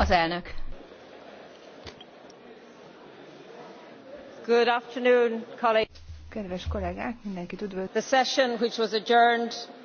Az elnök. Good afternoon, colleagues. Kedves kollégák, mindenkit üdvözlök. The session which was adjourned